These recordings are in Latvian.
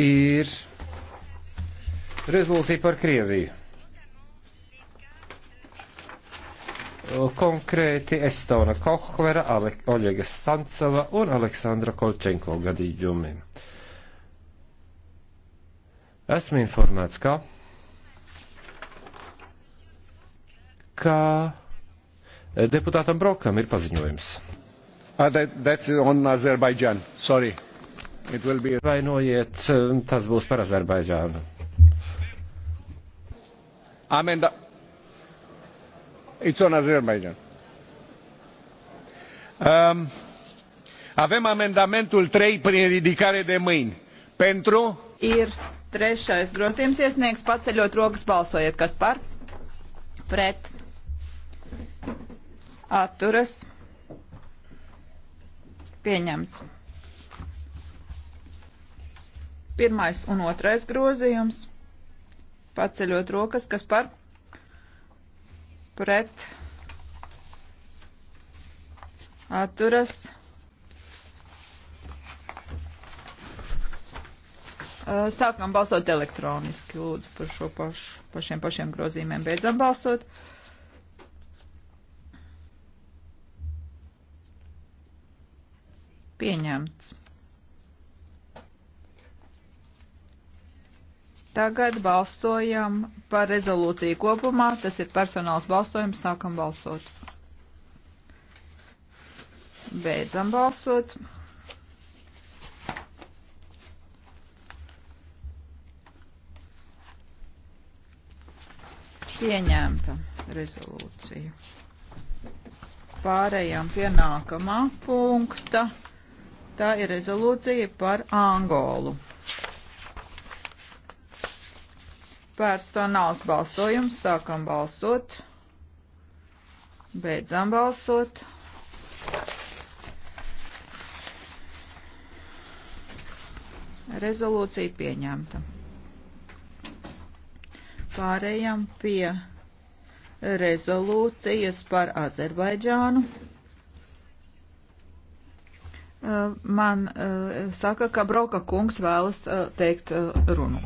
ir rezolūcija par Krieviju. Konkrēti Estona Kohvera, Oļega Stancova un Aleksandra Kolčenko gadījumi. Esmu informēts, ka, ka deputātam Brokam ir paziņojums. Uh, that, that's on Azerbaijan, sorry. Be... Vainojiet, tas būs par Azerbaidžānu. Amenda. It's on Azerbaijan. Um, avem amendamentul 3 prin ridicare de mâini. Pentru? Ir trešais grozījums iesniegs paceļot rokas balsojiet. Kas par? Pret. Atturas. Pieņemts. Pirmais un otrais grozījums. Paceļot rokas, kas par pret atturas. Sākam balsot elektroniski, lūdzu, par šo pašu, pašiem pašiem grozījumiem. Beidzam balsot. Pieņemts. Tagad balsojam par rezolūciju kopumā. Tas ir personāls balsojums. Sākam balsot. Beidzam balsot. Pieņemta rezolūcija. Pārējām pie nākamā punkta. Tā ir rezolūcija par Angolu. personāls balsojums. Sākam balsot. Beidzam balsot. Rezolūcija pieņemta. Pārējām pie rezolūcijas par Azerbaidžānu uh, man uh, saka, ka Broka kungs vēlas uh, teikt uh, runu.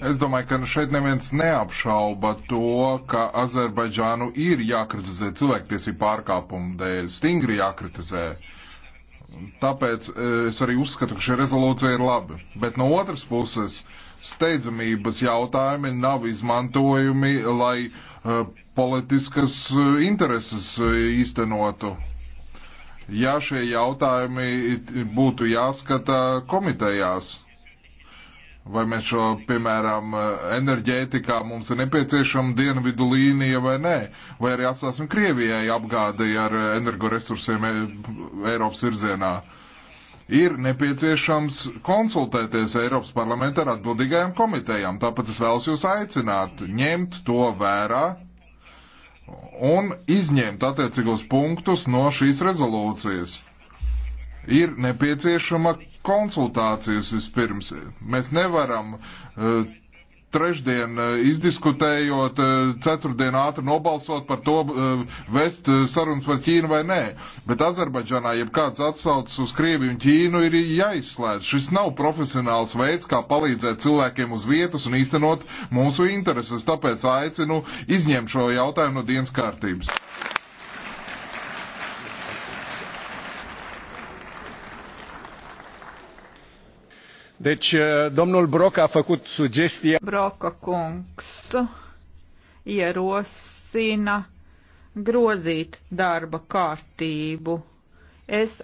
Es domāju, ka nu šeit neviens neapšauba to, ka Azerbaidžānu ir jākritizē cilvēktiesību pārkāpumu dēļ, stingri jākritizē. Tāpēc e, es arī uzskatu, ka šī rezolūcija ir laba. Bet no otras puses, steidzamības jautājumi nav izmantojumi, lai uh, politiskas e, intereses īstenotu. Ja šie jautājumi būtu jāskata komitejās, Vai mēs šo, piemēram, enerģētikā mums ir nepieciešama dienvidu līnija vai nē? Vai arī atstāsim Krievijai apgādi ar energoresursiem e, Eiropas virzienā? Ir nepieciešams konsultēties Eiropas parlamentā ar atbildīgajām komitejām. Tāpēc es vēlos jūs aicināt ņemt to vērā un izņemt attiecīgos punktus no šīs rezolūcijas. Ir nepieciešama konsultācijas vispirms. Mēs nevaram uh, trešdien eh, izdiskutējot, eh, ceturtdien ātri nobalsot par to, vest sarunas par Ķīnu vai nē. Bet Azerbaidžanā, ja kāds atsaucas uz Krieviju un Ķīnu, ir jāizslēdz. Šis nav profesionāls veids, kā palīdzēt cilvēkiem uz vietas un īstenot mūsu intereses. Tāpēc aicinu izņemt šo jautājumu no dienas kārtības. Deci, uh, domnul Broc a făcut sugestia. Broka kungs ierosina grozīt darba kārtību. Es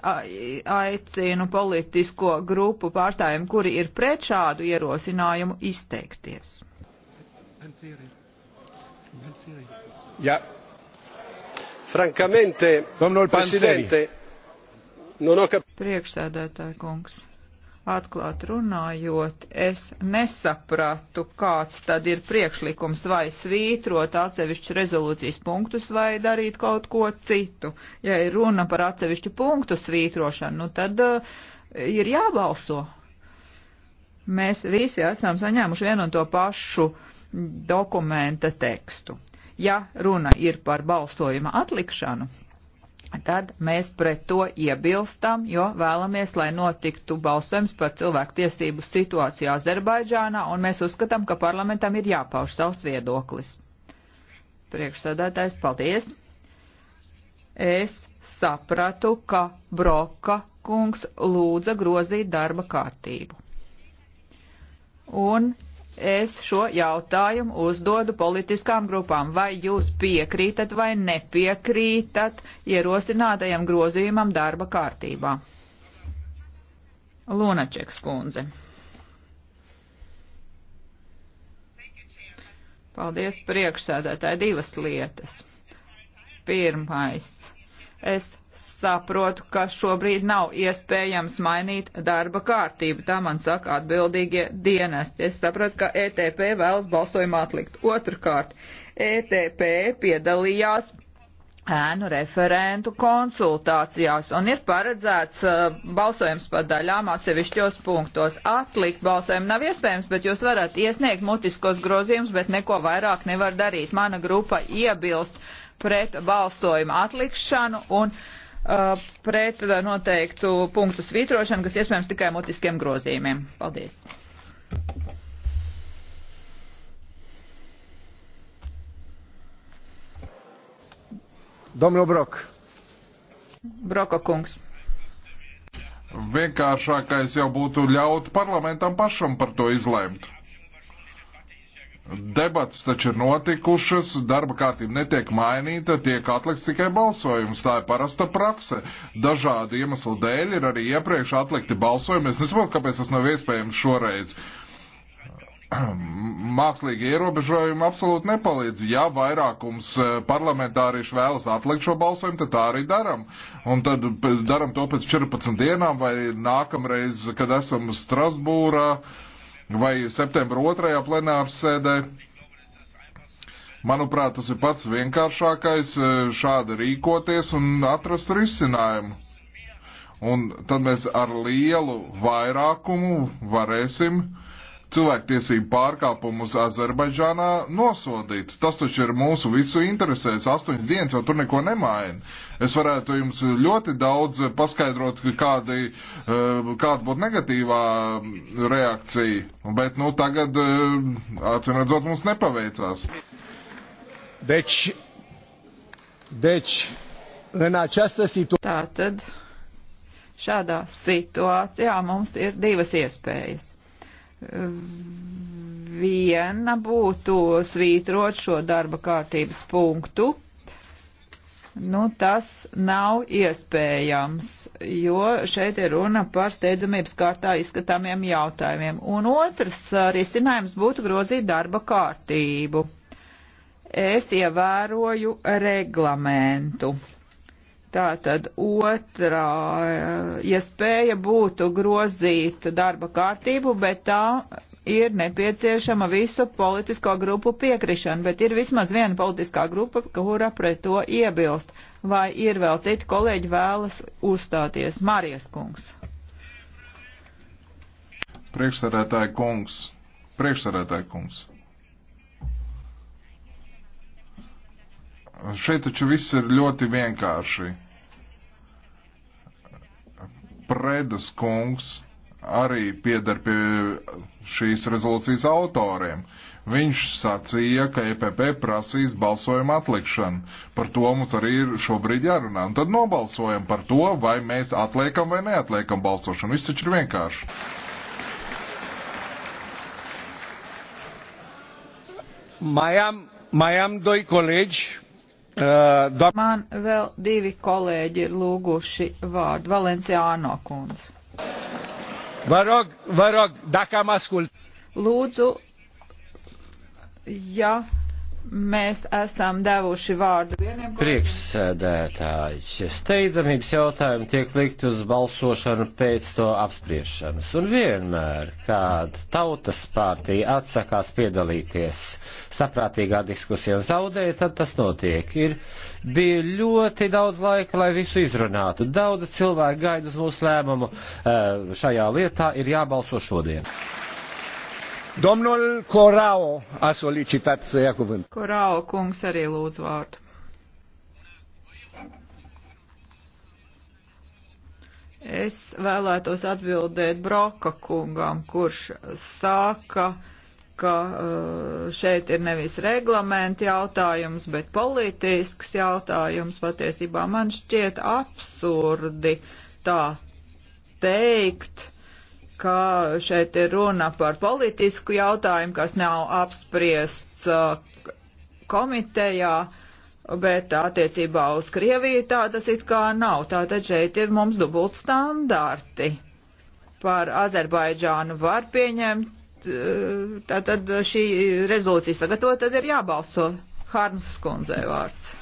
aicinu politisko grupu pārstāvjiem, kuri ir pret šādu ierosinājumu, izteikties. Ja. Frankamente, domnul Presidente, no noka... priekšsēdētāja kungs Atklāt runājot, es nesapratu, kāds tad ir priekšlikums vai svītrot atsevišķu rezolūcijas punktus vai darīt kaut ko citu. Ja ir runa par atsevišķu punktu svītrošanu, nu tad uh, ir jābalso. Mēs visi esam saņēmuši vienu un to pašu dokumenta tekstu. Ja runa ir par balsojuma atlikšanu, tad mēs pret to iebilstam, jo vēlamies, lai notiktu balsojums par cilvēku tiesību situāciju Azerbaidžānā, un mēs uzskatām, ka parlamentam ir jāpauž savs viedoklis. Priekšsēdētājs, paldies! Es sapratu, ka Broka kungs lūdza grozīt darba kārtību. Un es šo jautājumu uzdodu politiskām grupām. Vai jūs piekrītat vai nepiekrītat ierosinātajam grozījumam darba kārtībā? Lunačeks kundze. Paldies priekšsēdētāji. Divas lietas. Pirmais. Es saprotu, ka šobrīd nav iespējams mainīt darba kārtību. Tā man saka atbildīgie dienesti. Es sapratu, ka ETP vēlas balsojumu atlikt. Otrkārt, ETP piedalījās ēnu referentu konsultācijās un ir paredzēts uh, balsojums par daļām atsevišķos punktos. Atlikt balsojumu nav iespējams, bet jūs varat iesniegt mutiskos grozījumus, bet neko vairāk nevar darīt. Mana grupa iebilst pret balsojumu atlikšanu un uh, Uh, pret uh, noteiktu punktu svītrošanu, kas iespējams tikai mutiskiem grozījumiem. Paldies! Domnul Brok. Broka kungs. Vienkāršākais jau būtu ļaut parlamentam pašam par to izlēmt. Debats taču ir notikušas, darba kārtība netiek mainīta, tiek atlikts tikai balsojums. Tā ir parasta prakse. Dažādu iemeslu dēļ ir arī iepriekš atlikti balsojumi. Es nesaprotu, kāpēc tas nav iespējams šoreiz. Mākslīgi ierobežojumi absolūti nepalīdz. Ja vairākums eh, parlamentārieši vēlas atlikt šo balsojumu, tad tā arī daram. Un tad daram to pēc 14 dienām vai nākamreiz, kad esam Strasbūrā. Uh, vai septembra otrajā plenāras sēdē. Manuprāt, tas ir pats vienkāršākais e, šādi rīkoties un atrast risinājumu. Un tad mēs ar lielu vairākumu varēsim cilvēktiesību pārkāpumus Azerbaidžānā nosodīt. Tas taču ir mūsu visu interesēs. Astoņas dienas jau tur neko nemaina. Es varētu jums ļoti daudz paskaidrot, kāda, eh, kāda būtu negatīvā reakcija, bet nu tagad, eh, acīm redzot, mums nepaveicās. Deci, deci, în această situație. Tātad šādā situācijā mums ir divas iespējas. Viena būtu svītrot šo darba kārtības punktu Nu, tas nav iespējams, jo šeit ir runa par steidzamības kārtā izskatāmiem jautājumiem. Un otrs risinājums būtu grozīt darba kārtību. Es ievēroju reglamentu. Tātad otrā iespēja būtu grozīt darba kārtību, bet tā ir nepieciešama visu politisko grupu piekrišana, bet ir vismaz viena politiskā grupa, kura pret to iebilst. Vai ir vēl citi kolēģi vēlas uzstāties? Marijas kungs. Priekšsarētāja kungs. Priekšsarētāja kungs. Šeit taču viss ir ļoti vienkārši. Predas kungs arī piedar pie šīs rezolūcijas autoriem. Viņš sacīja, ka EPP prasīs balsojumu atlikšanu. Par to mums arī ir šobrīd jārunā. Un tad nobalsojam par to, vai mēs atliekam vai neatliekam balsošanu. Viss taču ir vienkārši. Majam, majam doj kolēģi. Uh, Man vēl divi kolēģi ir lūguši vārdu. Valenciāno kundze. Vă rog, vă rog, dacă am ascult. Lūdzu, ja Mēs esam devuši vārdu vieniem. Priekšsēdētājs. Steidzamības jautājumi tiek likt uz balsošanu pēc to apspriešanas. Un vienmēr, kad tautas partija atsakās piedalīties saprātīgā diskusijā un zaudē, tad tas notiek. Ir bija ļoti daudz laika, lai visu izrunātu. Daudz cilvēku gaida uz mūsu lēmumu. Eh, šajā lietā ir jābalso šodien. Domnul Corao a solicitat să ia cuvânt. Corao, kungs, arī lūdzu vārdu. Es vēlētos atbildēt Broka kungam, kurš sāka, ka uh, šeit ir nevis reglamenta jautājums, bet politisks jautājums. Patiesībā man šķiet absurdi tā teikt, ka šeit ir runa par politisku jautājumu, kas nav apspriests uh, komitejā, bet attiecībā uz Krieviju tā tas it kā nav. Tātad šeit ir mums dubult standarti. Par Azerbaidžānu var pieņemt, uh, tātad šī rezolūcija sagatavot, tad ir jābalso. Harms skundzei vārds.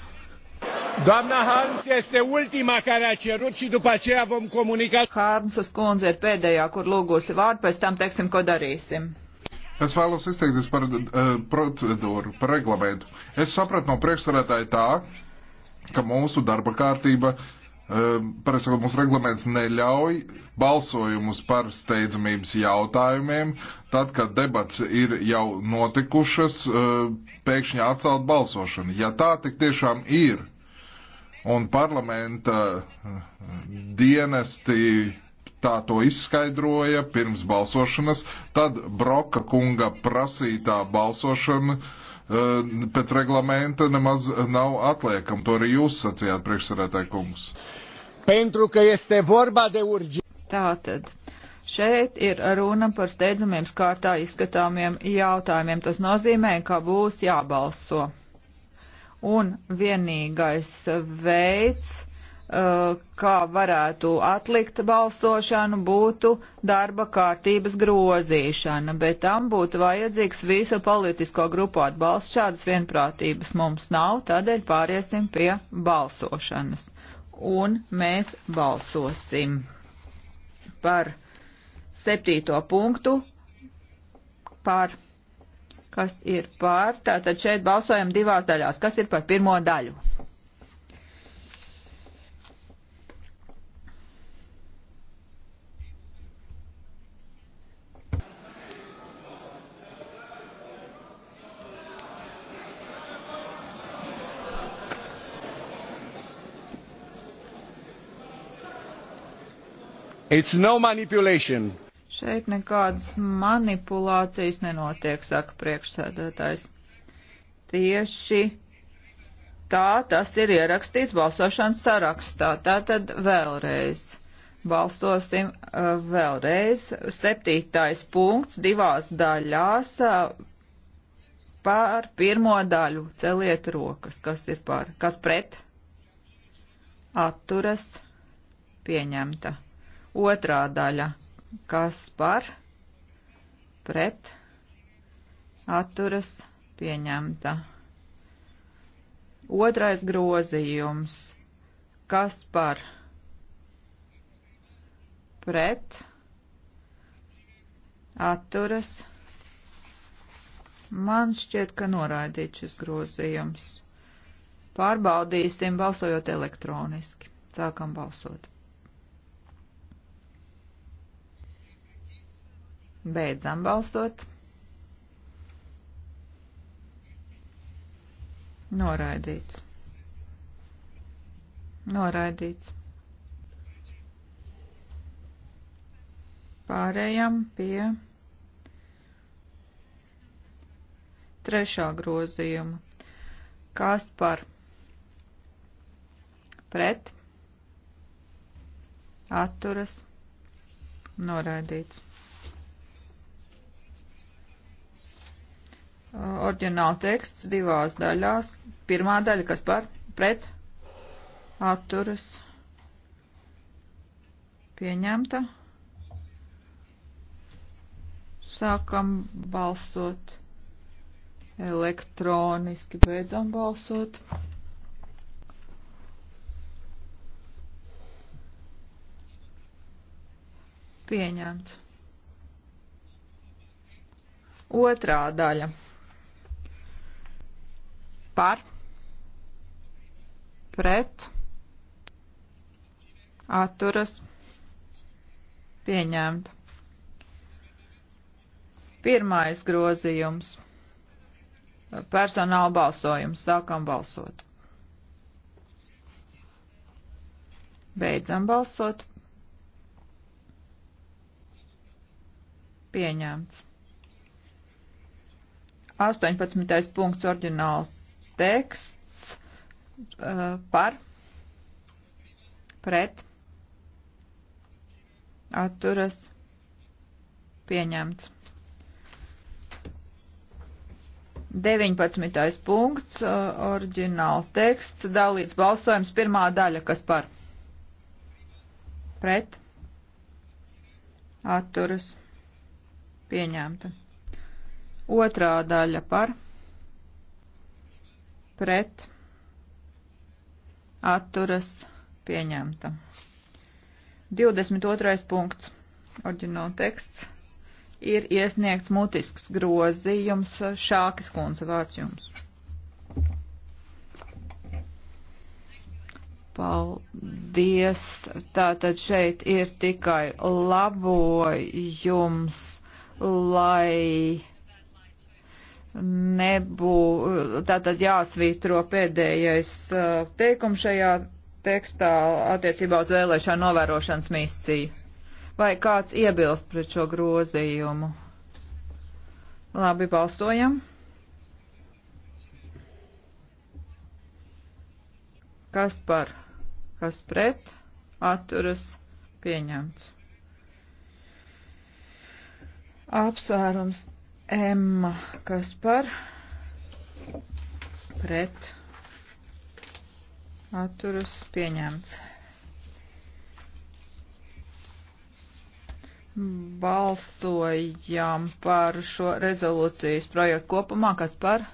Doamna Harms este ultima care a cerut și după aceea vom comunica. Harmsas kundze ir pēdējā, kur lūgusi vārdu, pēc tam teiksim, ko darīsim. Es vēlos izteikties par uh, procedūru, par reglamentu. Es sapratu no priekšsarētāja tā, ka mūsu darba kārtība, uh, eh, parasti mūsu reglaments neļauj balsojumus par steidzamības jautājumiem, tad, kad debats ir jau notikušas, uh, pēkšņi atcelt balsošanu. Ja tā tik tiešām ir, un parlamenta eh, dienesti tā to izskaidroja pirms balsošanas, tad Broka kunga prasītā balsošana eh, pēc reglamenta nemaz nav atliekama. To arī jūs sacījāt, priekšsarētāji kungs. Pentru, ka este vorba de urģi. Tātad. Šeit ir runa par steidzamiem skārtā izskatāmiem jautājumiem. Tas nozīmē, ka būs jābalso un vienīgais veids, uh, kā varētu atlikt balsošanu, būtu darba kārtības grozīšana, bet tam būtu vajadzīgs visu politisko grupu atbalsts. Šādas vienprātības mums nav, tādēļ pāriesim pie balsošanas. Un mēs balsosim par septīto punktu par. Kas ir pār? Tātad šeit balsojam divās daļās. Kas ir par pirmo daļu? It's no manipulation. Šeit nekādas manipulācijas nenotiek, saka priekšsēdētājs. Tieši tā tas ir ierakstīts balsošanas sarakstā. Tātad vēlreiz. Balstosim uh, vēlreiz. Septītais punkts divās daļās uh, par pirmo daļu. Celiet rokas, kas ir par, kas pret, atturas, pieņemta. Otrā daļa kas par pret atturas pieņemta. Otrais grozījums, kas par pret atturas. Man šķiet, ka noraidīt šis grozījums. Pārbaudīsim balsojot elektroniski. Sākam balsot. Beidzam balstot. Noraidīts. Noraidīts. Pārējām pie trešā grozījuma. Kas par pret atturas noraidīts. Uh, Orģināla teksts divās daļās. Pirmā daļa, kas par pret atturas pieņemta. Sākam balsot elektroniski, beidzam balsot. Pieņemts. Otrā daļa par, pret, atturas, pieņemt. Pirmais grozījums. Personāla balsojums. Sākam balsot. Beidzam balsot. Pieņemts. 18. punkts ordināli teksts uh, par pret atturas pieņemts. 19. punkts, uh, oriģināla teksts, dalīts balsojums, pirmā daļa, kas par pret atturas pieņemta. Otrā daļa par pret pret atturas pieņemta. 22. punkts, oriģināla teksts, ir iesniegts mutisks grozījums Šākas kundze vārds jums. Paldies. Tātad šeit ir tikai labojums, lai nebū, tātad jāsvītro pēdējais uh, teikums šajā tekstā attiecībā uz vēlēšanu novērošanas misiju. Vai kāds iebilst pret šo grozījumu? Labi, balstojam. Kas par, kas pret, atturas, pieņemts. Apsvērums M, kas par pret atturas pieņemts. Balsojam par šo rezolūcijas projektu kopumā, kas par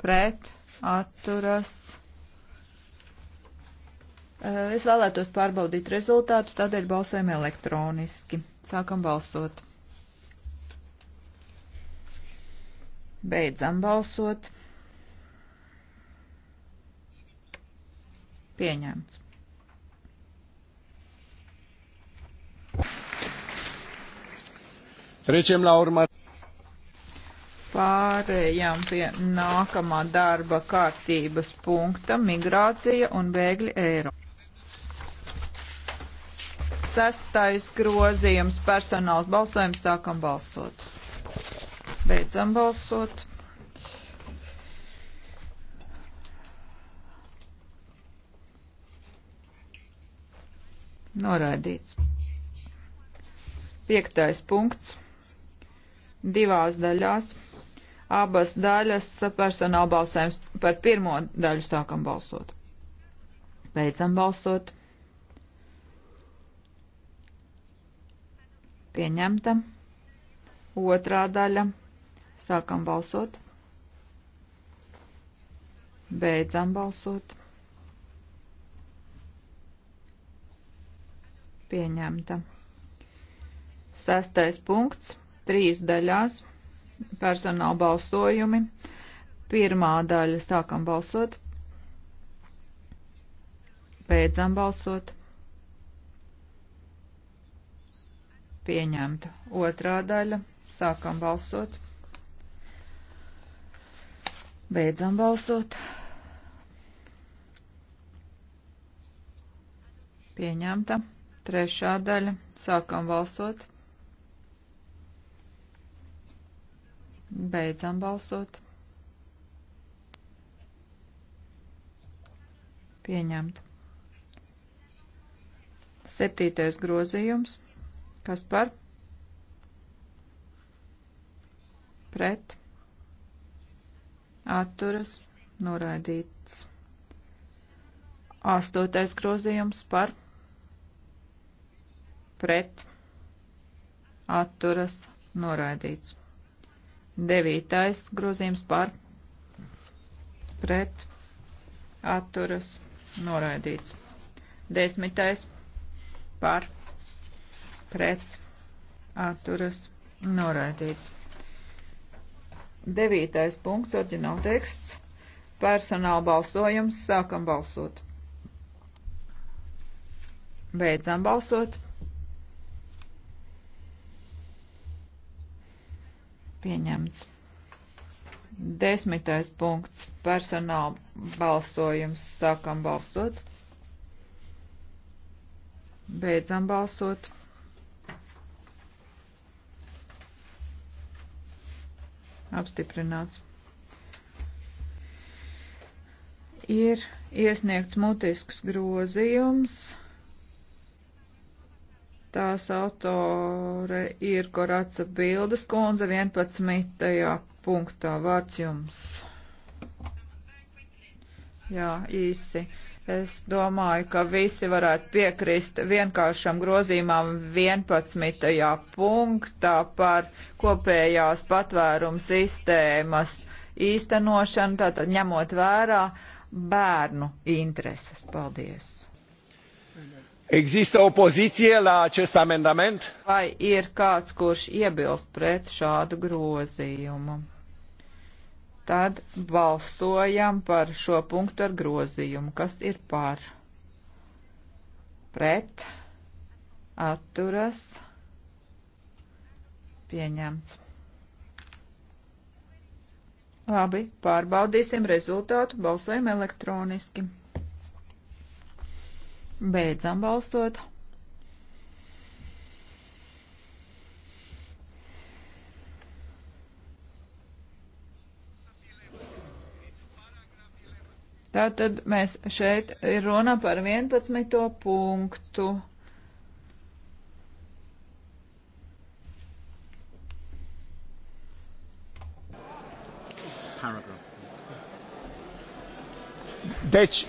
pret atturas. Es vēlētos pārbaudīt rezultātus, tādēļ balsojam elektroniski. Sākam balsot. Beidzam balsot. Pieņemts. Treciem la urmă. Pārējām pie nākamā darba kārtības punkta - migrācija un bēgļi eiro. Sestais grozījums - personāls balsojums - sākam balsot. Beidzam balsot. Noraidīts. Piektais punkts. Divās daļās. Abas daļas personāla balsējums par pirmo daļu sākam balsot. Beidzam balsot. Pieņemta. Otrā daļa Sākam balsot. Beidzam balsot. Pieņemta. Sestais punkts. Trīs daļās. Personāla balsojumi. Pirmā daļa. Sākam balsot. Beidzam balsot. Pieņemta. Otrā daļa. Sākam balsot. Beidzam balsot. Pieņemta. Trešā daļa. Sākam balsot. Beidzam balsot. Pieņemta. Septītais grozījums. Kas par? Pret atturas noraidīts. Astotais grozījums par pret atturas noraidīts. Devītais grozījums par pret atturas noraidīts. Desmitais par pret atturas noraidīts. Devītais punkts, orģināla teksts. Personāla balsojums. Sākam balsot. Beidzam balsot. Pieņemts. Desmitais punkts. Personāla balsojums. Sākam balsot. Beidzam balsot. apstiprināts. Ir iesniegts mutisks grozījums. Tās autore ir Koraca Bildes kundze 11. punktā. Vārds jums. Jā, īsi. Es domāju, ka visi varētu piekrist vienkāršam grozījumam 11. punktā par kopējās patvērums sistēmas īstenošanu, tātad ņemot vērā bērnu intereses. Paldies! Există opoziție la acest amendament? Vai ir kāds, kurš iebilst pret šādu grozījumu? Tad balsojam par šo punktu ar grozījumu, kas ir par pret, atturas, pieņemts. Labi, pārbaudīsim rezultātu, balsojam elektroniski. Beidzam balstot. Tātad mēs šeit ir runa par 11. punktu. Deci,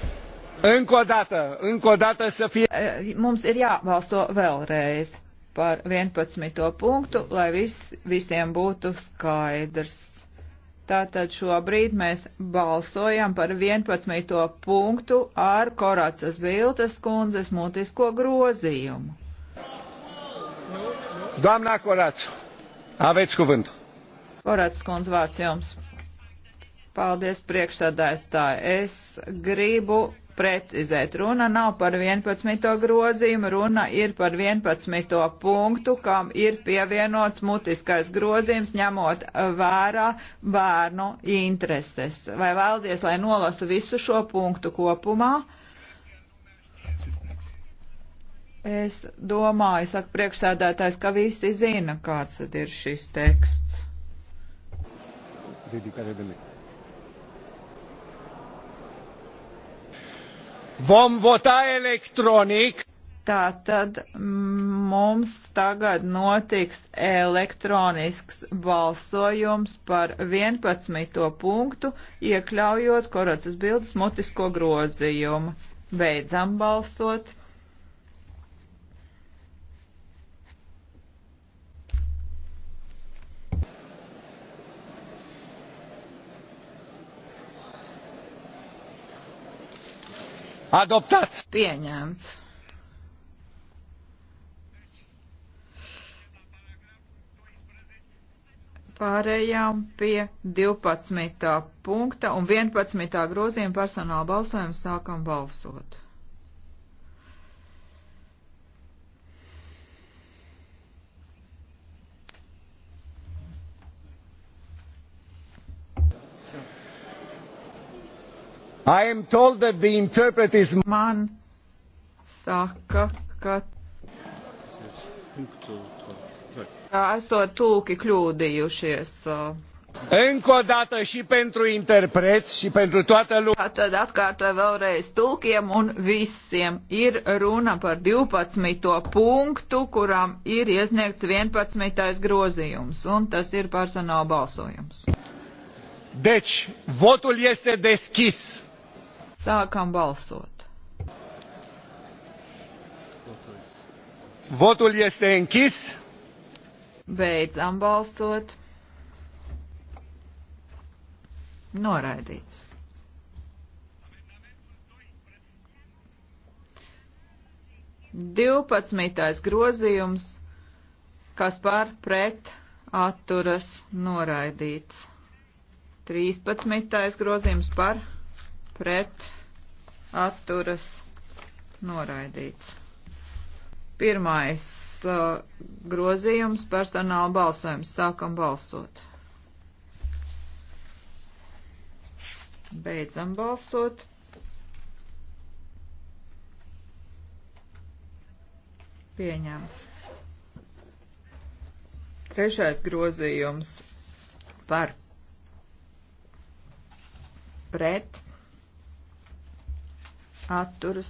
încă o dată, încă o dată să fie... E, mums ir jābalso vēlreiz par 11. punktu, lai vis, visiem būtu skaidrs. Tātad šobrīd mēs balsojam par 11. punktu ar Koracas Viltas kundzes mutisko grozījumu. Doamna Korac, aveți cuvântul. Korac kundz vārds jums. Paldies priekšsēdētāji. Es gribu precizēt. Runa nav par 11. grozījumu, runa ir par 11. punktu, kam ir pievienots mutiskais grozījums, ņemot eh, vērā bērnu intereses. Vai vēlties, lai nolastu visu šo punktu kopumā? Es domāju, saka priekšsēdētājs, ka visi zina, kāds tad ir šis teksts. Dedicare de lei. Vom votā elektroniski. Tā tad mums tagad notiks elektronisks balsojums par 11. punktu, iekļaujot koracas bildes mutisko grozījumu. Beidzam balsot! Adoptat. Pieņemts. Pārējām pie 12. punkta un 11. grozījuma personāla balsojuma sākam balsot. Is... Man saka, ka esot tulki kļūdījušies. Încă o dată și pentru interpreți și pentru toată lumea. Tad atkārtoju vēlreiz tulkiem un visiem ir runa par 12. punktu, kuram ir iesniegts 11. grozījums, un tas ir personāla balsojums. Deci, votul este deschis. Sākam balsot. Votul este închis. Beidzam balsot. Noraidīts. Divpadsmitais grozījums, kas par pret atturas noraidīts. Trīspadsmitais grozījums par pret pret atturas noraidīts. Pirmais uh, grozījums personāla balsojums. Sākam balsot. Beidzam balsot. Pieņemts. Trešais grozījums par pret atturas.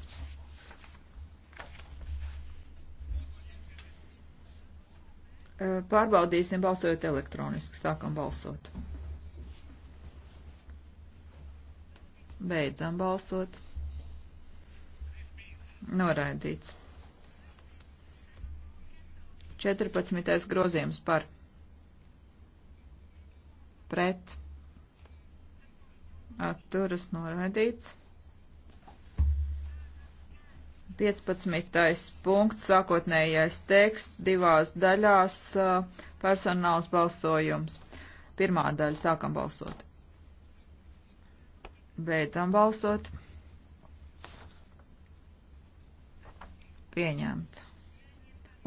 Pārbaudīsim balsojot elektroniski. Sākam balsot. Beidzam balsot. Noraidīts. 14. grozījums par pret atturas noraidīts. 15. punkts, sākotnējais teksts, divās daļās personāls balsojums. Pirmā daļa sākam balsot. Beidzam balsot. Pieņemt.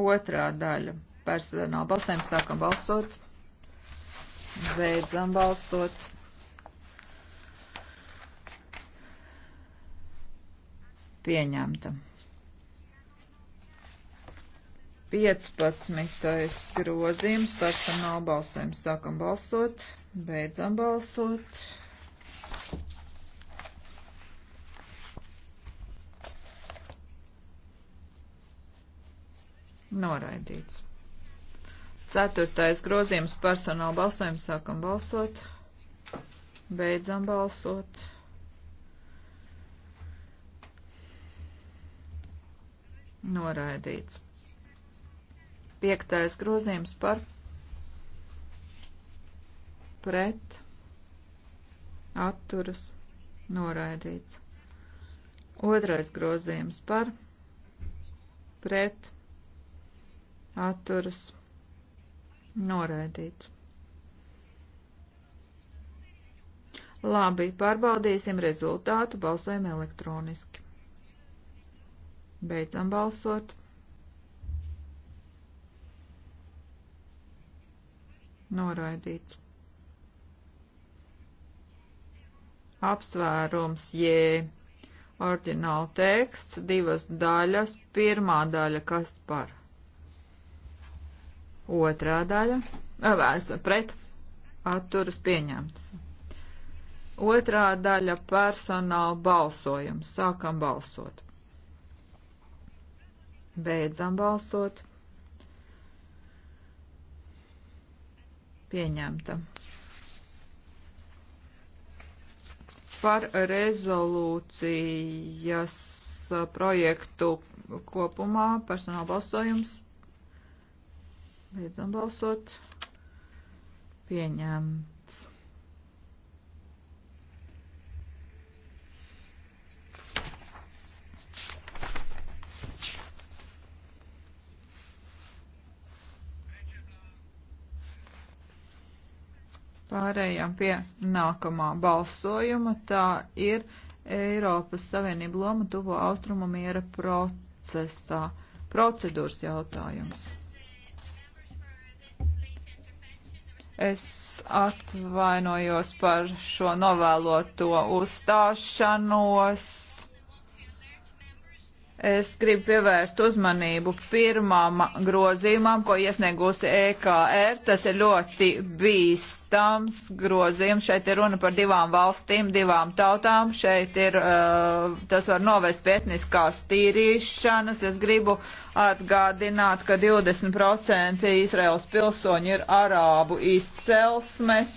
Otrā daļa personāla balsojums sākam balsot. Beidzam balsot. Pieņemta. 15. grozījums personāla balsojums. Sākam balsot, beidzam balsot. Noraidīts. Ceturtais grozījums personāla balsojums. Sākam balsot, beidzam balsot. Noraidīts. Piektais grozījums par pret atturas noraidīts. Otrais grozījums par pret atturas noraidīts. Labi, pārbaudīsim rezultātu, balsojam elektroniski. Beidzam balsot. Noraidīts. Apsvērums J. Ordināla teksts, divas daļas, pirmā daļa, kas par otrā daļa, vēs pret, atturas pieņemts. Otrā daļa personāla balsojums, sākam balsot. Beidzam balsot. pieņemta. Par rezolūcijas uh, projektu kopumā personāla balsojums. Beidzam balsot. Pieņemt. Pārējām pie nākamā balsojuma. Tā ir Eiropas Savienība loma tuvo austrumu miera procesā. Procedūras jautājums. Es atvainojos par šo novēloto uzstāšanos. Es gribu pievērst uzmanību pirmām grozījumam, ko iesniegusi EKR. Tas ir ļoti bīstams grozījums. Šeit ir runa par divām valstīm, divām tautām. Šeit ir, uh, tas var novest pie etniskās tīrīšanas. Es gribu atgādināt, ka 20% Izraels pilsoņi ir arābu izcelsmes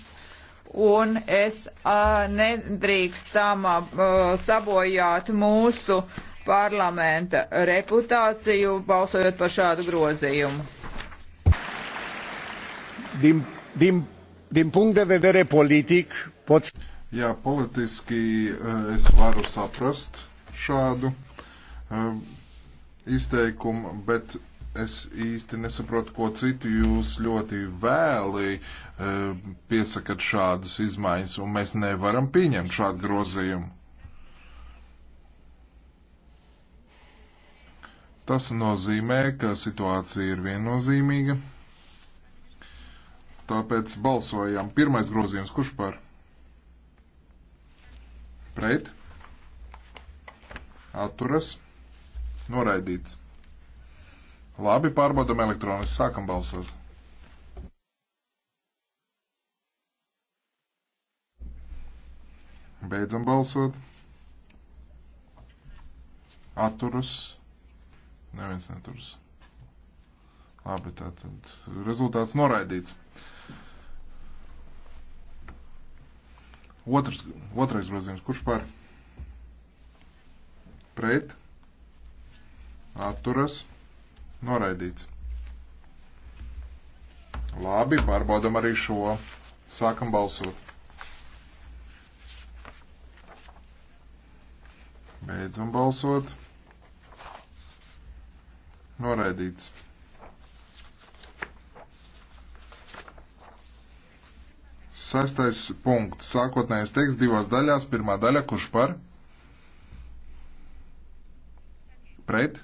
un es a, uh, nedrīkstam a, uh, sabojāt mūsu parlamenta reputāciju, balsojot par šādu grozījumu. Din, din, din punct de vedere politic, pot... Jā, politiski eh, es varu saprast šādu eh, izteikumu, bet es īsti nesaprotu, ko citu jūs ļoti vēli eh, piesakat šādas izmaiņas, un mēs nevaram pieņemt šādu grozījumu. Tas nozīmē, ka situācija ir viennozīmīga. Tāpēc balsojam. Pirmais grozījums, kurš par? Pret. Atturas. Noraidīts. Labi, pārbaudam elektroniski. Sākam balsot. Beidzam balsot. Atturas Neviens neturas. Labi, tātad rezultāts noraidīts. Otrs, otrais grozījums, kurš par? Pret, atturas, noraidīts. Labi, pārbaudam arī šo. Sākam balsot. Beidzam balsot. Noraidīts. Sastais punkts. Sākotnējais teksts divās daļās. Pirmā daļa, kurš par? Pret?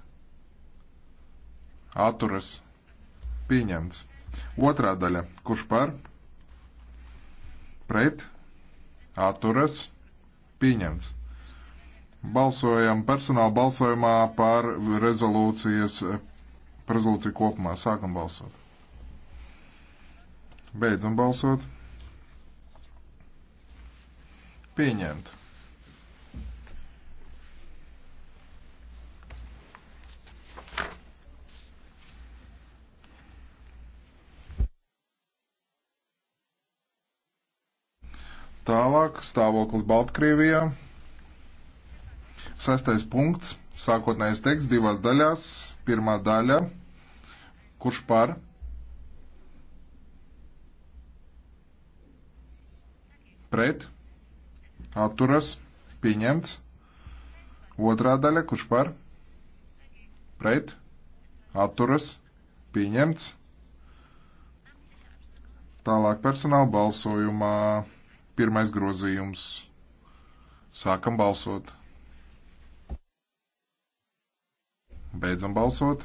Atturas. Pieņemts. Otrā daļa, kurš par? Pret? Atturas. Pieņemts. Balsojam personāla balsojumā par rezolūcijas, par rezolūciju kopumā. Sākam balsot. Beidzam balsot. Pieņemt. Tālāk stāvoklis Baltkrievijā. Sestais punkts, sākotnējais teksts divās daļās. Pirmā daļa, kurš par? Pret, atturas, pieņemts. Otrā daļa, kurš par? Pret, atturas, pieņemts. Tālāk personāla balsojumā pirmais grozījums. Sākam balsot. Beidzam balsot.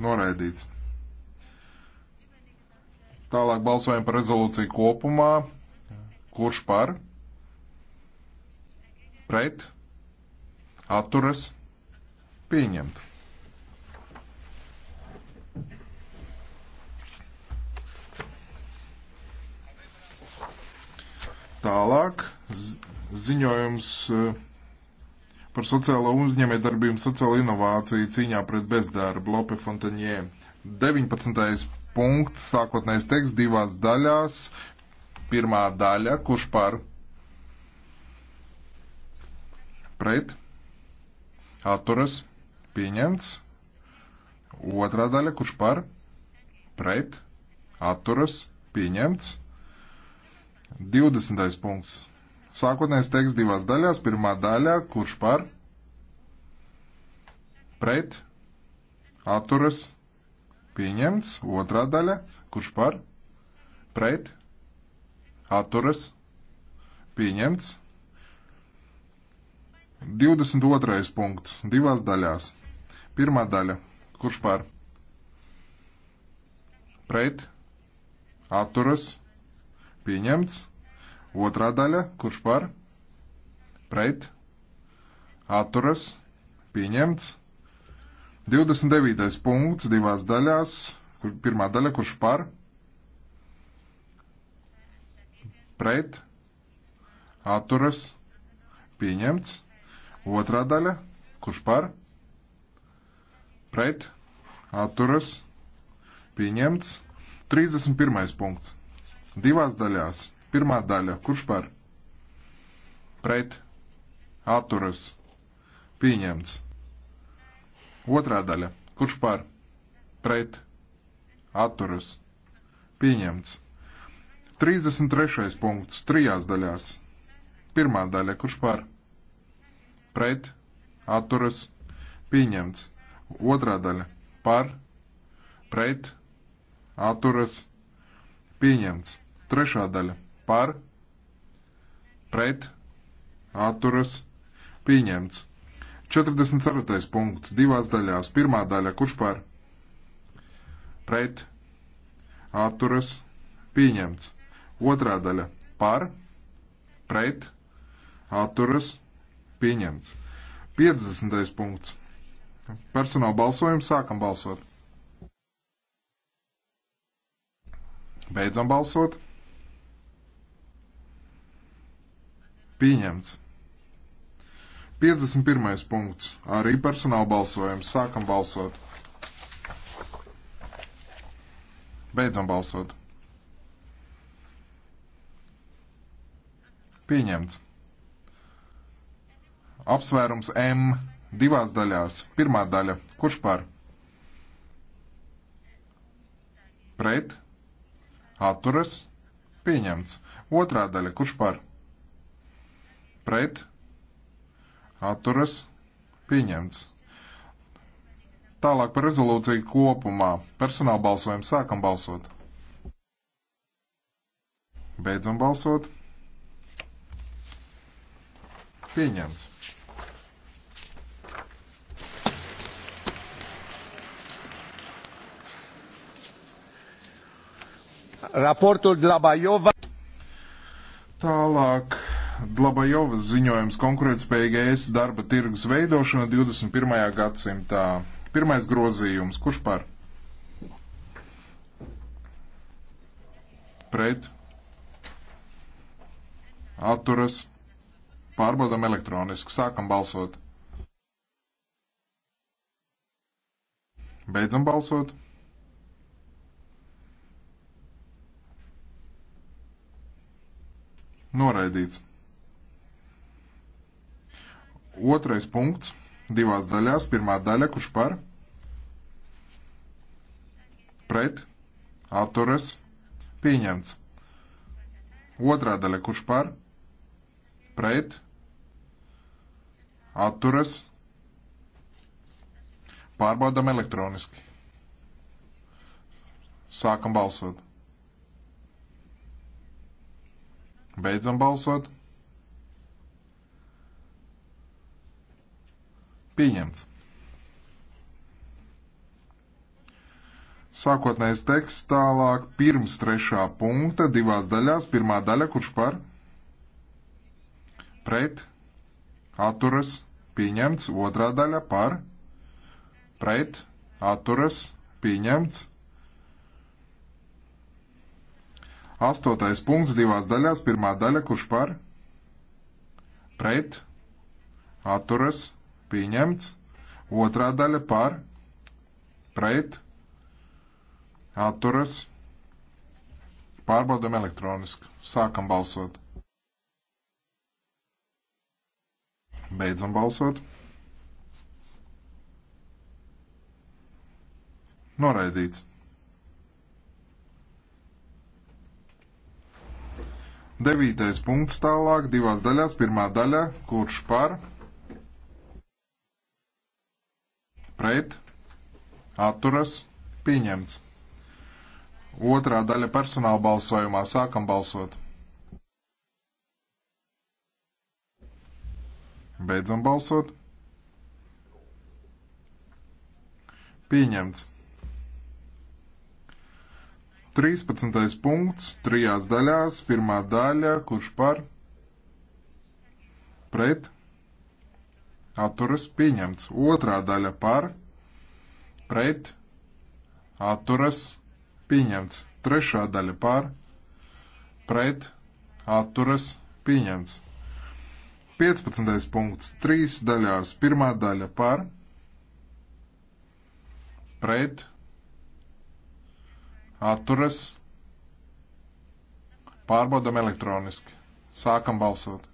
Noraidīts. Tālāk balsojam par rezolūciju kopumā. Kurš par? Pret? Atturas? Pieņemt. Tālāk ziņojums. Uh, par sociālo uzņēmējdarbību un sociālo inovāciju cīņā pret bezdarbu Lope Fontaņē. 19. punkts, sākotnējais teksts divās daļās. Pirmā daļa, kurš par pret atturas pieņemts. Otrā daļa, kurš par pret atturas pieņemts. 20. punkts. Sākotnējais teksts divās daļās. Pirmā daļā, kurš par, pret, atturas, pieņemts. Otrā daļa, kurš par, pret, atturas, pieņemts. 22. punkts, divās daļās. Pirmā daļa, kurš par, pret, atturas, pieņemts. Otrā daļa, kurš par, pret, atturas, pieņemts. 29. punkts divās daļās, kur, pirmā daļa, kurš par, pret, atturas, pieņemts. Otrā daļa, kurš par, pret, atturas, pieņemts. 31. punkts divās daļās. Pirmā daļa. Kurš par? Pret. Atturas. Pieņemts. Otrā daļa. Kurš par? Pret. Atturas. Pieņemts. 33. punkts. Trijās daļās. Pirmā daļa. Kurš par? Pret. Atturas. Pieņemts. Otrā daļa. Par. Pret. Atturas. Pieņemts. Trešā daļa par, pret, atturas, pieņemts. 44. punkts divās daļās. Pirmā daļa, kurš par, pret, atturas, pieņemts. Otrā daļa, par, pret, atturas, pieņemts. 50. punkts. Personāla balsojums sākam balsot. Beidzam balsot. Pieņemts. 51. punkts. Arī personāla balsojums. Sākam balsot. Beidzam balsot. Pieņemts. Apsvērums M divās daļās. Pirmā daļa. Kurš par? Pret. Atturas. Pieņemts. Otrā daļa. Kurš par? pret, atturas, pieņemts. Tālāk par rezolūciju kopumā. Personāla balsojumu sākam balsot. Beidzam balsot. Pieņemts. Raportul de la Baiova. Tālāk Dlabajovas ziņojums konkurētspējīga ES darba tirgus veidošana 21. gadsimtā. Pirmais grozījums. Kurš par? Pret. Atturas. Pārbaudam elektroniski. Sākam balsot. Beidzam balsot. Noraidīts. Otrais punkts divās daļās. Pirmā daļa, kurš par? Pret. Atturas. Pieņemts. Otrā daļa, kurš par? Pret. Atturas. Pārbaudam elektroniski. Sākam balsot. Beidzam balsot. Pieņemts. Sākotnējais teksts tālāk pirms trešā punkta divās daļās. Pirmā daļa, kurš par? Pret. Atturas. Pieņemts. Otrā daļa par? Pret. Atturas. Pieņemts. Astotais punkts divās daļās. Pirmā daļa, kurš par? Pret. Atturas. Pieņemts pieņemts. Otrā daļa par, pret, atturas. Pārbaudam elektroniski. Sākam balsot. Beidzam balsot. Noraidīts. Devītais punkts tālāk, divās daļās. Pirmā daļa, kurš par, pret, atturas, pieņemts. Otrā daļa personāla balsojumā sākam balsot. Beidzam balsot. Pieņemts. 13. punkts, trijās daļās, pirmā daļa, kurš par, pret, atturas pieņemts. Otrā daļa par, pret, atturas pieņemts. Trešā daļa par, pret, atturas pieņemts. 15. punkts. Trīs daļās. Pirmā daļa par, pret, atturas, pārbaudam elektroniski. Sākam balsot.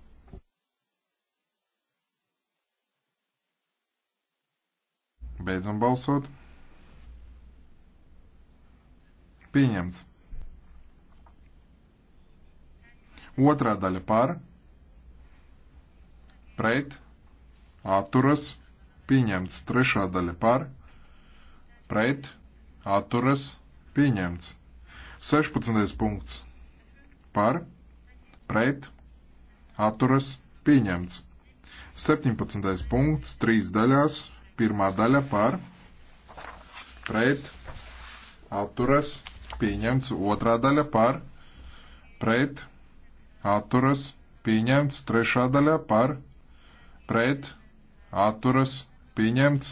Beidzam balsot. Pieņemts. Otrā daļa par, pret, atturas, pieņemts. Trešā daļa par, pret, atturas, pieņemts. 16. punkts par, pret, atturas, pieņemts. 17. punkts, trīs daļās, Pirmā daļa par pret atturas pieņemts. Otrā daļa par pret atturas pieņemts. Trešā daļa par pret atturas pieņemts.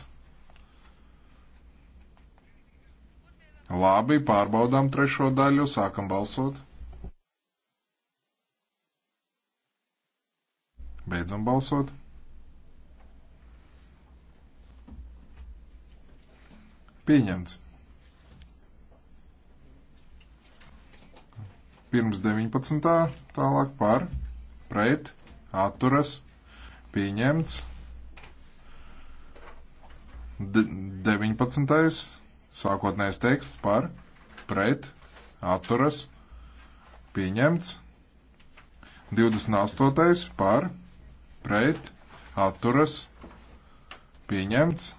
Labi, pārbaudām trešo daļu, sākam balsot. Beidzam balsot. Pieņemts. Pirms 19. tālāk par, pret, atturas, pieņemts. De 19. sākotnējais teksts par, pret, atturas, pieņemts. 28. par, pret, atturas, pieņemts.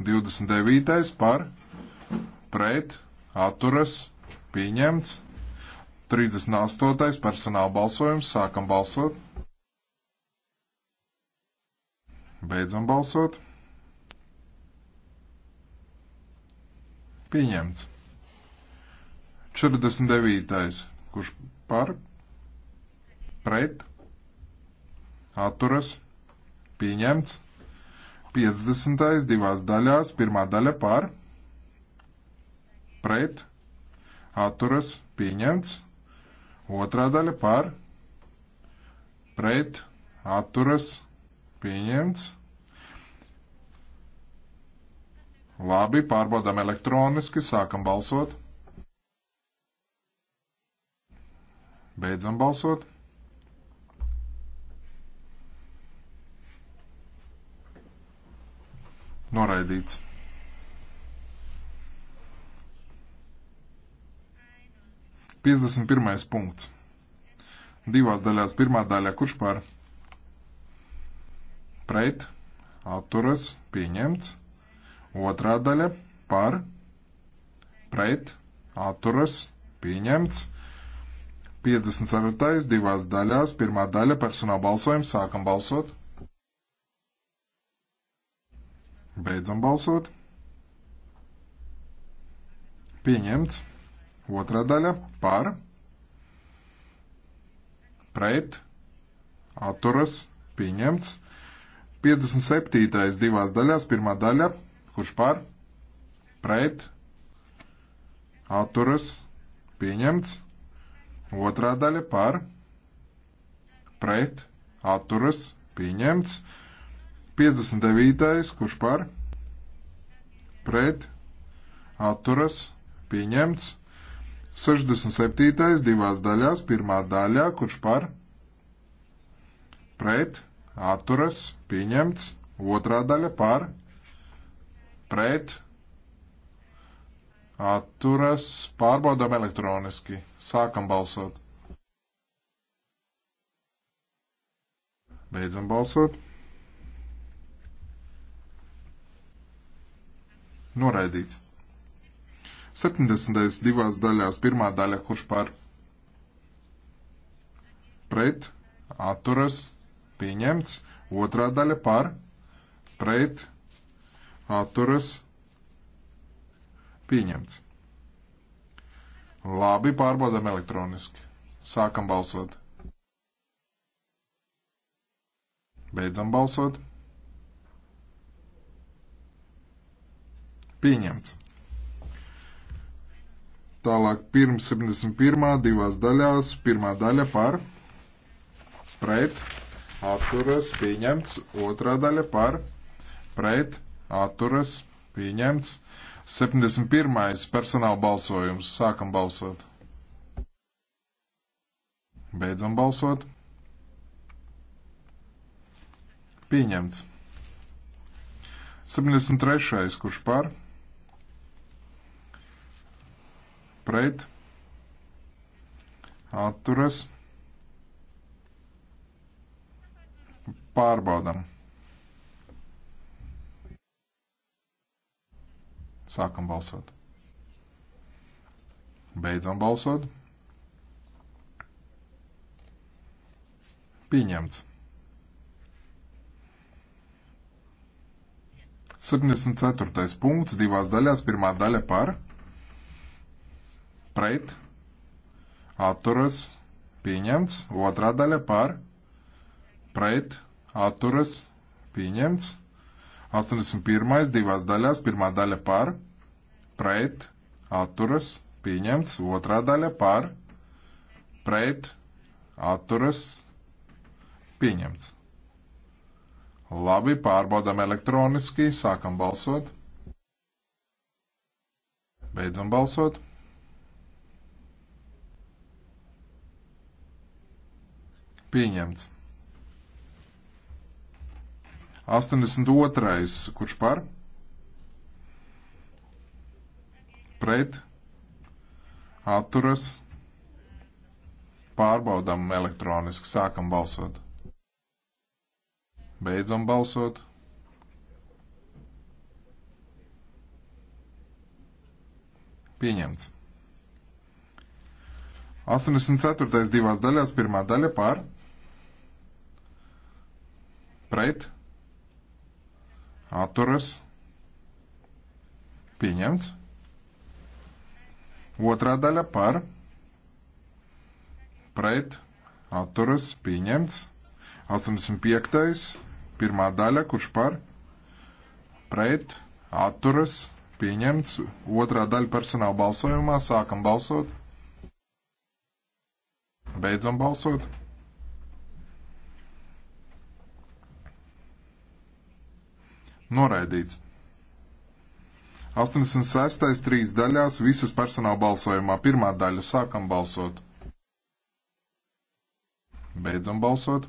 29. par pret atturas pieņemts. 38. personāla balsojums. Sākam balsot. Beidzam balsot. Pieņemts. 49. Kurš par? Pret? Atturas? Pieņemts. 50. divās daļās, pirmā daļa par, pret, atturas, pieņemts, otrā daļa par, pret, atturas, pieņemts. Labi, pārbaudām elektroniski, sākam balsot. Beidzam balsot. Noraidīts. Piecdesmit pirmais punkts. Divās daļās. Pirmā daļā kurš par? Pret. Atturas. Pieņemts. Otrā daļa par. Pret. Atturas. Pieņemts. 54. divās daļās. Pirmā daļa personāla balsojums. Sākam balsot. Beidzam balsot. Pieņemts. Otra daļa par, pret, atturas, pieņemts. 57. divās daļās, pirmā daļa, kurš par, pret, atturas, pieņemts. Otrā daļa par, pret, atturas, pieņemts. 59. kurš par, pret, atturas, pieņemts. 67. divās daļās, pirmā daļā, kurš par, pret, atturas, pieņemts. Otrā daļa par, pret, atturas, pārbaudām elektroniski. Sākam balsot. Beidzam balsot. Noraidīts. 70. divās daļās. Pirmā daļa, kurš par pret atturas pieņemts. Otrā daļa par pret atturas pieņemts. Labi, pārbaudam elektroniski. Sākam balsot. Beidzam balsot. Pieņemts. Tālāk pirms 71. divās daļās, pirmā daļa par, pret, atturas, pieņemts, otrā daļa par, pret, atturas, pieņemts, 71. personāla balsojums, sākam balsot. Beidzam balsot. Pieņemts. 73. kurš par, pret, atturas, pārbaudam. Sākam balsot. Beidzam balsot. Pieņemts. 74. punkts divās daļās, pirmā daļa par pret, atturas, pieņemts. Otrā daļa par, pret, atturas, pieņemts. 81. divās daļās, pirmā daļa par, pret, atturas, pieņemts. Otrā daļa par, pret, atturas, pieņemts. Labi, pārbaudām elektroniski, sākam balsot. Beidzam balsot. pieņemts. 82. kurš par? Pret. Atturas. Pārbaudām elektroniski. Sākam balsot. Beidzam balsot. Pieņemts. 84. divās daļās, pirmā daļa par pret, atturas, pieņemts. Otrā daļa par, pret, atturas, pieņemts. 85. pirmā daļa, kurš par, pret, atturas, pieņemts. Otrā daļa personāla balsojumā, sākam balsot. Beidzam balsot. Noraidīts. 86. trīs daļās visas personāla balsojumā. Pirmā daļa sākam balsot. Beidzam balsot.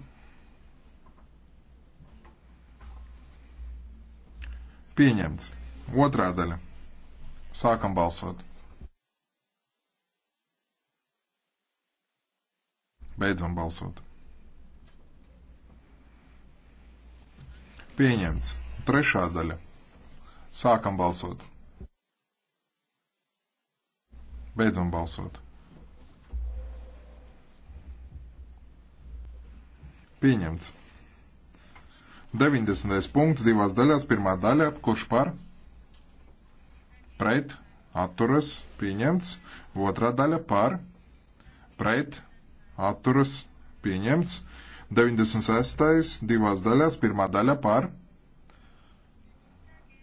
Pieņemts. Otrā daļa. Sākam balsot. Beidzam balsot. Pieņemts. Trešā daļa. Sākam balsot. Beidzam balsot. Pieņemts. 90. punkts divās daļās. Pirmā daļa, kurš par? Pret, atturas, pieņemts. Otrā daļa par? Pret, atturas, pieņemts. 96. divās daļās. Pirmā daļa par? Pret,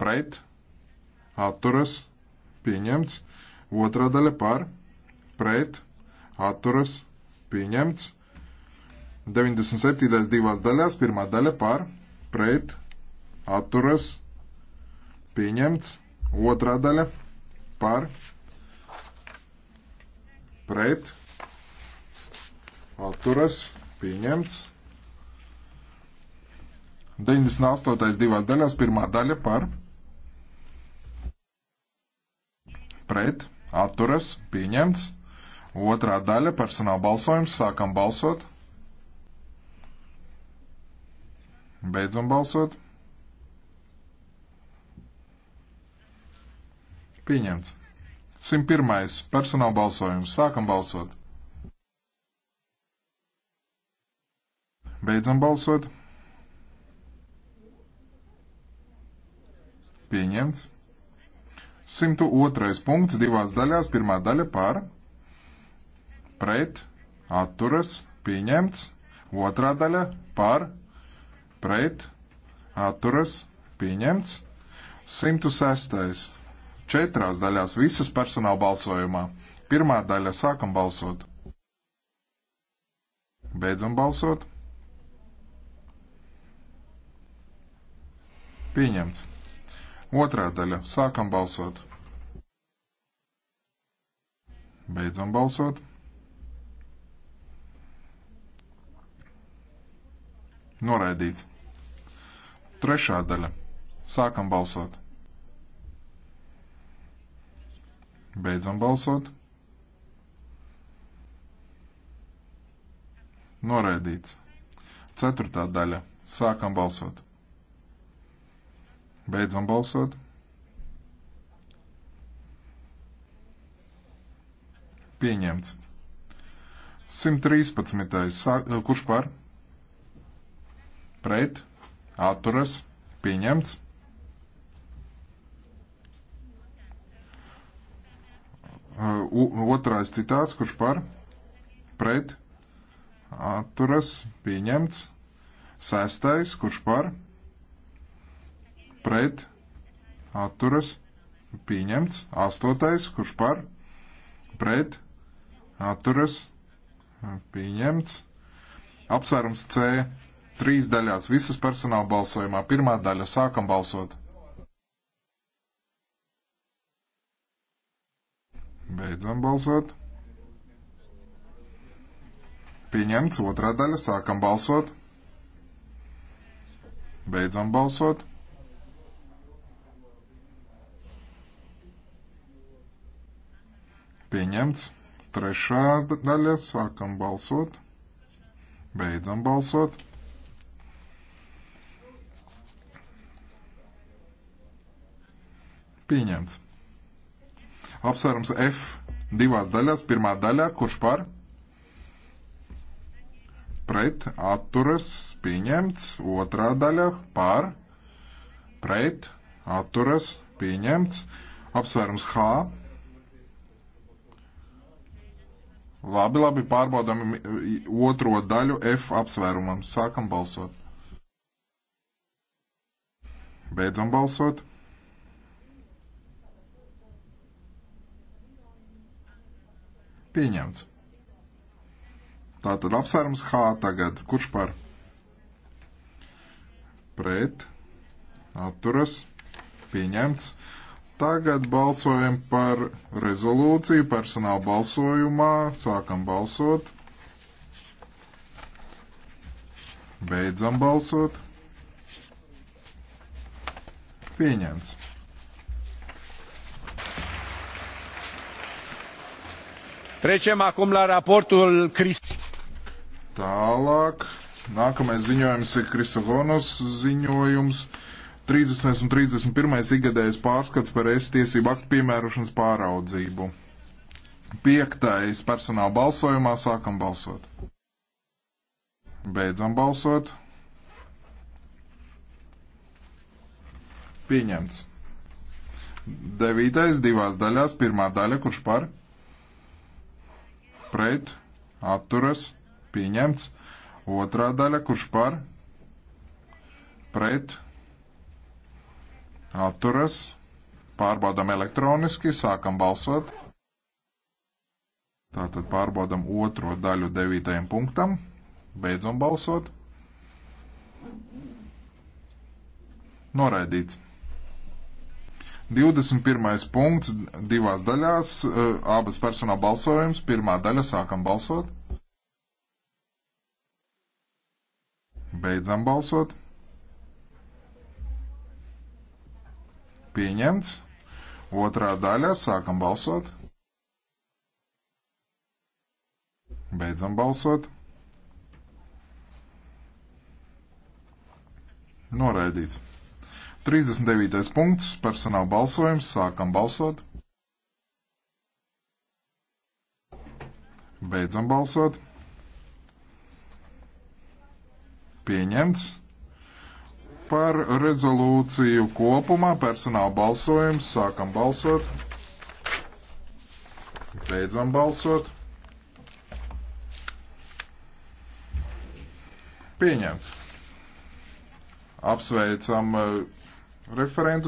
pret, atturas, pieņemts. Otrā daļa par, pret, atturas, pieņemts. 97. divās daļās, pirmā daļa par, pret, atturas, pieņemts. Otrā daļa par, pret, atturas, pieņemts. 98. divās daļās, pirmā daļa par, pret pret, atturas, pieņemts. Otrā daļa - personāla balsojums. Sākam balsot. Beidzam balsot. Pieņemts. 101. personāla balsojums. Sākam balsot. Beidzam balsot. Pieņemts. 102. punkts divās daļās. Pirmā daļa par, pret, atturas, pieņemts. Otrā daļa par, pret, atturas, pieņemts. 106. Četrās daļās visas personāla balsojumā. Pirmā daļa sākam balsot. Beidzam balsot. Pieņemts. Otrā daļa. Sākam balsot. Beidzam balsot. Noraidīts. Trešā daļa. Sākam balsot. Beidzam balsot. Noraidīts. Ceturtā daļa. Sākam balsot. Beidzam balsot. Pieņemts. 113. Nu, kurš par? Pret. Atturas. Pieņemts. Otrais citāts, kurš par? Pret. Atturas. Pieņemts. Sestais, kurš par? pret, atturas, pieņemts. Astotais, kurš par, pret, atturas, pieņemts. Apsvērums C. Trīs daļās visas personāla balsojumā. Pirmā daļa sākam balsot. Beidzam balsot. Pieņemts otrā daļa, sākam balsot. Beidzam balsot. Pieņemts. Trešā daļa. Sākam balsot. Beidzam balsot. Pieņemts. Apsvērums F divās daļās. Pirmā daļā, kurš par? Pret, atturas, pieņemts. Otrā daļa, par? Pret, atturas, pieņemts. Apsvērums H Labi, labi, pārbaudam otro daļu F apsvērumam. Sākam balsot. Beidzam balsot. Pieņemts. Tātad apsvērums H tagad. Kurš par? Pret. Atturas. Pieņemts. Tagad balsojam par rezolūciju personāla balsojumā. Sākam balsot. Beidzam balsot. Pieņemts. Trecem acum la raportul Crist. Tālāk. Nākamais ziņojums ir Kristogonos ziņojums. 30. un 31. igadējas pārskats par es tiesību aktu piemērošanas pāraudzību. Piektais personāla balsojumā sākam balsot. Beidzam balsot. Pieņemts. Devītais divās daļās, pirmā daļa, kurš par? Pret, atturas, pieņemts. Otrā daļa, kurš par? Pret, atturas, pārbaudam elektroniski, sākam balsot. Tātad pārbaudam otro daļu devītajam punktam, beidzam balsot. Noraidīts. 21. punkts divās daļās, abas personā balsojums, pirmā daļa sākam balsot. Beidzam balsot. pieņemts. Otrā daļa. Sākam balsot. Beidzam balsot. Noraidīts. 39. punkts. Personāla balsojums. Sākam balsot. Beidzam balsot. Pieņemts par rezolūciju kopumā, personāla balsojums, sākam balsot, beidzam balsot. Pieņemts. Apsveicam eh, referentus.